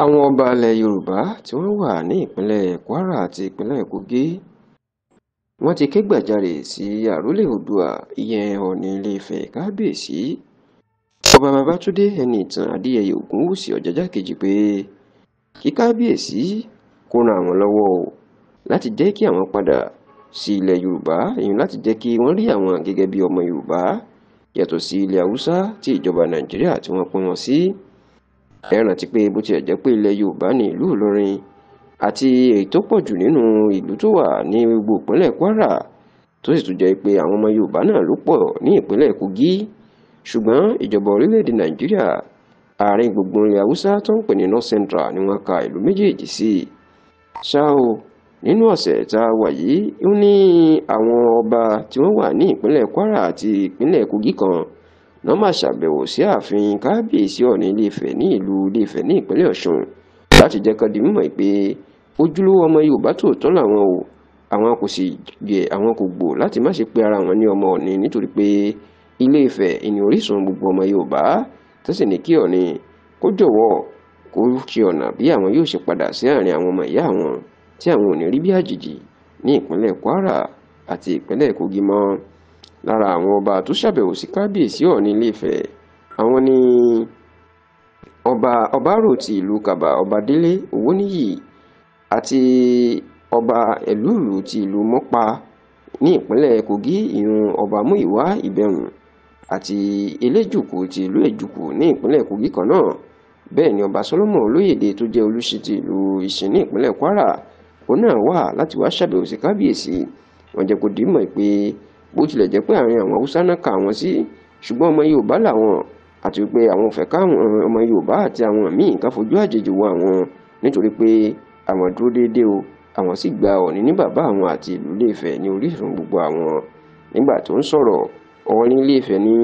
Àwọn ọba ilẹ̀ Yorùbá tí wọ́n wà ní ìpínlẹ̀ Kwara àti ìpínlẹ̀ Kogi wọ́n ti kẹ́gbàjarè sí àrólé Oòduà ìyẹn Ọọ̀ni Ilé-Ifẹ̀ Kábíyèsí Ọba Babátúndé Ẹniìtàn Adéyẹyè Ògúnwùsì Ọ̀jájá kejì pé kí Kábíyèsí kó ran àwọn lọ́wọ́ o láti jẹ́ kí àwọn padà sí ilẹ̀ Yorùbá ìyẹn láti jẹ́ kí wọ́n rí àwọn gẹ́gẹ́ bí ọmọ Yorùbá yàtọ̀ sí ilẹ̀ Haúsá tí ìjọba Nàìjíríà tí wọ́n pín wọn sí ẹ rántí pé bó tilẹ̀ jẹ́ pé ilẹ̀ yorùbá ni, ìlú ìlọrin àti èyí tó pọ̀ jù nínú ìlú tó wà ní gbogbo ìpínlẹ̀ kwara tó sì tún jẹ́ pé àwọn ọmọ yorùbá náà ló pọ̀ ní ìpínlẹ̀ kogi ṣùgbọ́n ìjọba orílẹ̀-èdè nàìjíríà àárín gbùngbùn ilẹ̀ haúsá tó ń pè ní north central ni wọ́n ka ìlú méjèèjì sí ṣá o nínú ọ̀sẹ̀ tá a wà yìí ó ní àwọn ọba tí wọ́n wà ní ìpínlẹ̀ kwara àti ìpínlẹ̀ kogi kan náà máa ṣàbẹ̀wò sí ààfin kábíyèsí ọ̀ọ̀ni ilé-ifẹ̀ ní ìlú ilé-ifẹ̀ ní ìpínlẹ̀ ọ̀ṣun láti jẹ́ kan di mímọ̀ pé ojúlówó ọmọ yorùbá tòótọ́ làwọn o àwọn kò sì yẹ àwọn kò gbò láti má ṣe pé ara wọn ní ọmọ ọ̀ọ̀ni nítorí pé ilé-ifẹ̀ ìní orísun gbogbo ọmọ yorùbá tó sì ní kí ọ̀ọ̀ni kó jọ̀wọ́ kó ṣe ọ̀nà bí àwọn yóò ṣe padà sí àárín àwọn ọmọ ìyá àwọn tí àwọn ò ní rí bí àjèjì ní ìpínlẹ̀ kwara àti ìpínlẹ̀ kogi mọ́ lára àwọn ọba tó ṣàbẹ̀wò sí kábíyèsí ọ̀ọ̀ni iléfẹ̀ àwọn ni ọba ọbárò ti ìlú kàbà ọba délé owóníyì àti ọba ẹ̀lúùlù ti ìlú mọ́pa ní ìpínlẹ̀ kogi ìyún ọba múìwá ìbẹ̀rùn àti eléjùkù ti ìlú èjùkù ní ìpínlẹ̀ kogi kan náà bẹ́ẹ̀ ni ọba solomon olóyèdè tó jẹ́ olùṣí ti ìlú ìṣìn ní ìpínlẹ̀ kwara òun náà wà láti wá ṣàbẹ̀wò sí kábíyèsí wọ́n jẹ́ kó dìímọ̀ pé bó tilẹ̀ jẹ́ pé àárín àwọn haúsá náà kà wọ́n sí ṣùgbọ́n ọmọ yorùbá làwọn àti pé àwọn ò fẹ́ káwọn ọmọ yorùbá àti àwọn míì kan fojú àjèjì wo àwọn nítorí pé àwọn dúró déédéé o àwọn sì gba ọ̀ní ní bàbá àwọn àti ìlú iléèfẹ̀ ní orísun gbogbo àwọn nígbà tó ń sọ̀rọ̀ ọ̀ọ́ni iléèfẹ̀ ni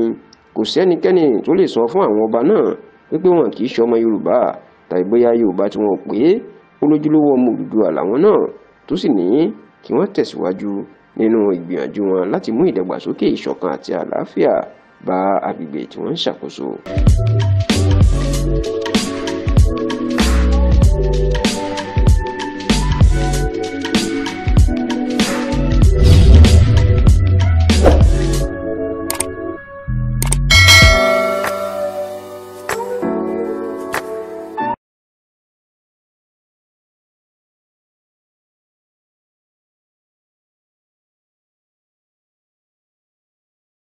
kò sẹ́nikẹ́ni tó lè sọ fún àwọn ọba náà wípé wọn kì í ṣe ọmọ yorùbá tàbí bóyá yorùbá tí wọn ò pé olójúlówó ọmọ Odùduwà làwọn náà tó sì ní kí wọ́n tẹ̀síwájú nínú ìgbìyànjú wọn láti mú ìdàgbàsókè ìṣọ̀kan àti àlàáfíà bá agbègbè tí wọ́n ń ṣàkóso.